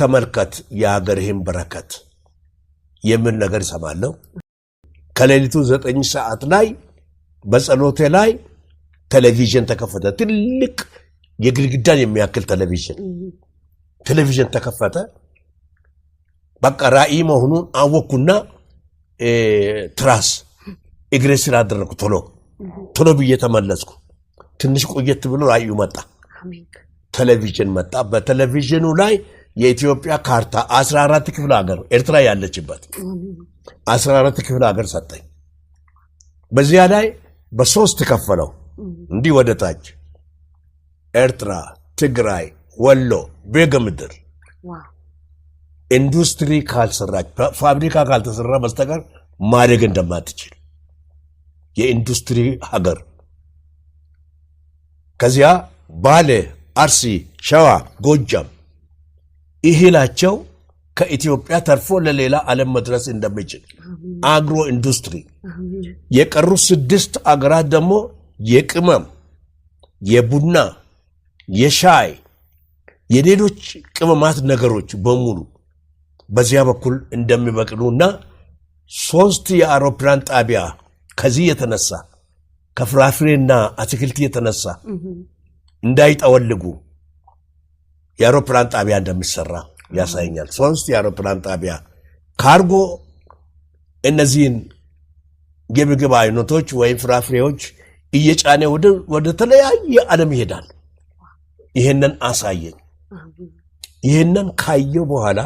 ተመልከት የሀገርህን በረከት የሚል ነገር ይሰማለሁ። ከሌሊቱ ዘጠኝ ሰዓት ላይ በጸሎቴ ላይ ቴሌቪዥን ተከፈተ። ትልቅ የግድግዳን የሚያክል ቴሌቪዥን ቴሌቪዥን ተከፈተ። በቃ ራእይ መሆኑን አወኩና ትራስ እግሬ ስራ አደረግኩ። ቶሎ ቶሎ ብዬ ተመለስኩ። ትንሽ ቆየት ብሎ ራእዩ መጣ፣ ቴሌቪዥን መጣ። በቴሌቪዥኑ ላይ የኢትዮጵያ ካርታ 14 ክፍለ ሀገር ኤርትራ ያለችበት 14 ክፍለ ሀገር ሰጠኝ። በዚያ ላይ በሶስት ከፈለው እንዲህ ወደ ታች ኤርትራ፣ ትግራይ፣ ወሎ፣ ቤገ ምድር ኢንዱስትሪ ካልሰራች ፋብሪካ ካልተሰራ በስተቀር ማደግ እንደማትችል የኢንዱስትሪ ሀገር። ከዚያ ባሌ፣ አርሲ፣ ሸዋ፣ ጎጃም እህላቸው ከኢትዮጵያ ተርፎ ለሌላ ዓለም መድረስ እንደሚችል አግሮ ኢንዱስትሪ የቀሩ ስድስት አገራት ደግሞ የቅመም፣ የቡና፣ የሻይ፣ የሌሎች ቅመማት ነገሮች በሙሉ በዚያ በኩል እንደሚበቅሉ እና ሶስት የአውሮፕላን ጣቢያ ከዚህ የተነሳ ከፍራፍሬና አትክልት የተነሳ እንዳይጠወልጉ የአውሮፕላን ጣቢያ እንደሚሰራ ያሳየኛል። ሶስት የአውሮፕላን ጣቢያ ካርጎ እነዚህን የምግብ አይነቶች ወይም ፍራፍሬዎች እየጫነ ወደ ተለያየ ዓለም ይሄዳል። ይህንን አሳየኝ። ይህንን ካየው በኋላ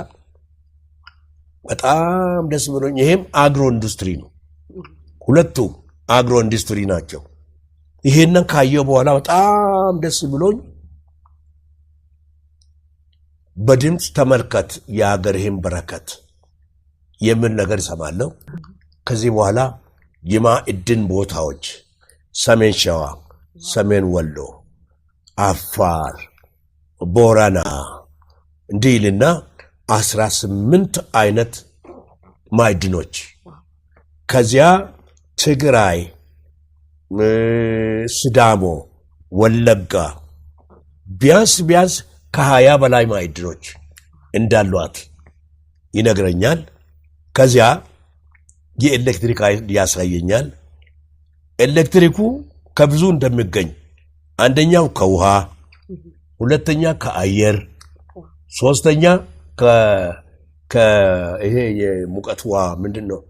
በጣም ደስ ብሎኝ፣ ይህም አግሮ ኢንዱስትሪ ነው። ሁለቱም አግሮ ኢንዱስትሪ ናቸው። ይህንን ካየው በኋላ በጣም ደስ ብሎኝ ይሄም አግሮ ኢንዱስትሪ ነው ሁለቱ አግሮ ኢንዱስትሪ ናቸው ይህንን ካየው በኋላ በጣም ደስ ብሎኝ በድምፅ ተመልከት የሀገርህን በረከት የሚል ነገር ይሰማለሁ። ከዚህ በኋላ የማዕድን ቦታዎች ሰሜን ሸዋ፣ ሰሜን ወሎ፣ አፋር፣ ቦረና እንዲህ ይልና አስራ ስምንት አይነት ማዕድኖች ከዚያ ትግራይ፣ ስዳሞ፣ ወለጋ ቢያንስ ቢያንስ ከሀያ በላይ ማዕድኖች እንዳሏት ይነግረኛል። ከዚያ የኤሌክትሪክ ኃይል ያሳየኛል። ኤሌክትሪኩ ከብዙ እንደሚገኝ አንደኛው ከውሃ፣ ሁለተኛ ከአየር፣ ሶስተኛ ይሄ የሙቀት ውሃ ምንድን ነው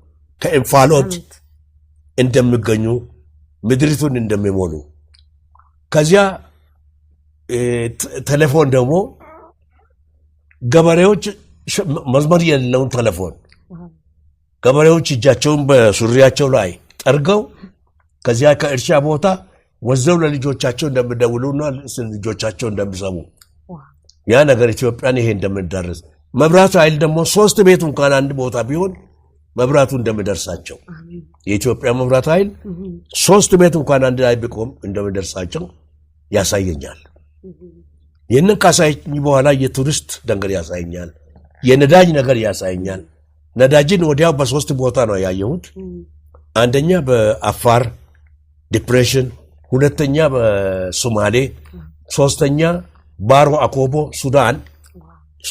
ከእንፋሎት እንደሚገኙ ምድሪቱን እንደሚሞሉ ከዚያ ቴሌፎን ደግሞ ገበሬዎች መስመር የሌለውን ቴሌፎን ገበሬዎች እጃቸውን በሱሪያቸው ላይ ጠርገው ከዚያ ከእርሻ ቦታ ወዘው ለልጆቻቸው ና ልጆቻቸው እንደምሰሙ ያ ነገር ኢትዮጵያን ይሄ እንደምንደርስ መብራት ኃይል ደግሞ ሶስት ቤት እንኳን አንድ ቦታ ቢሆን መብራቱ እንደምደርሳቸው የኢትዮጵያ መብራት ኃይል ሶስት ቤት እንኳን አንድ ላይ ቢቆም እንደምደርሳቸው ያሳየኛል። ይህንን ካሳይኝ በኋላ የቱሪስት ደንገር ያሳይኛል፣ የነዳጅ ነገር ያሳየኛል። ነዳጅን ወዲያው በሶስት ቦታ ነው ያየሁት። አንደኛ በአፋር ዲፕሬሽን፣ ሁለተኛ በሶማሌ፣ ሶስተኛ ባሮ አኮቦ ሱዳን፣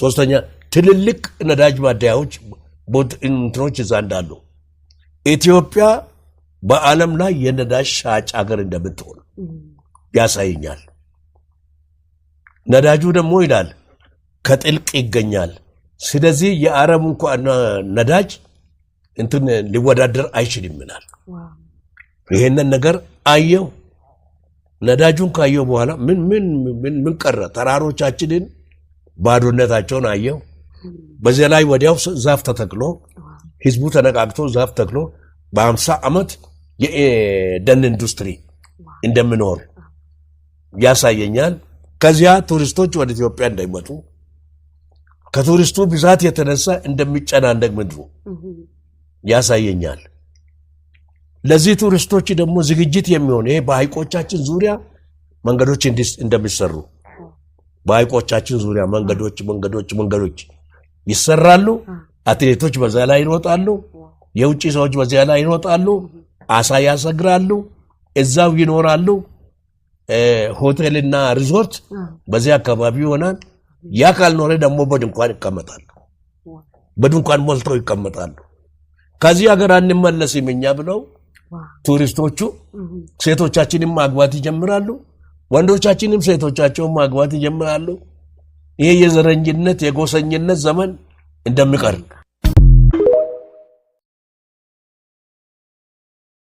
ሶስተኛ ትልልቅ ነዳጅ ማደያዎች እንትኖች እዛ እንዳሉ ኢትዮጵያ በዓለም ላይ የነዳጅ ሻጭ ሀገር እንደምትሆን ያሳየኛል። ነዳጁ ደግሞ ይላል ከጥልቅ ይገኛል። ስለዚህ የአረብ እንኳ ነዳጅ እንትን ሊወዳደር አይችልም ይላል። ይሄንን ነገር አየው። ነዳጁን ካየው በኋላ ምን ምን ምን ቀረ? ተራሮቻችንን ባዶነታቸውን አየው። በዚያ ላይ ወዲያው ዛፍ ተተክሎ ህዝቡ ተነቃቅቶ ዛፍ ተክሎ በአምሳ ዓመት የደን ኢንዱስትሪ እንደምኖር ያሳየኛል። ከዚያ ቱሪስቶች ወደ ኢትዮጵያ እንዳይመጡ ከቱሪስቱ ብዛት የተነሳ እንደሚጨናነቅ ምድሩ ያሳየኛል። ለዚህ ቱሪስቶች ደግሞ ዝግጅት የሚሆን ይሄ በሐይቆቻችን ዙሪያ መንገዶች እንደሚሰሩ በሐይቆቻችን ዙሪያ መንገዶች መንገዶች መንገዶች ይሰራሉ። አትሌቶች በዚያ ላይ ይሮጣሉ። የውጭ ሰዎች በዚያ ላይ ይሮጣሉ። አሳ ያሰግራሉ። እዛው ይኖራሉ። ሆቴልና ሪዞርት በዚህ አካባቢ ይሆናል። ያ ካልኖረ ደግሞ በድንኳን ይቀመጣሉ። በድንኳን ሞልተው ይቀመጣሉ። ከዚህ ሀገር አንመለስም እኛ ብለው ቱሪስቶቹ ሴቶቻችንም ማግባት ይጀምራሉ። ወንዶቻችንም ሴቶቻቸውን ማግባት ይጀምራሉ። ይሄ የዘረኝነት የጎሰኝነት ዘመን እንደሚቀር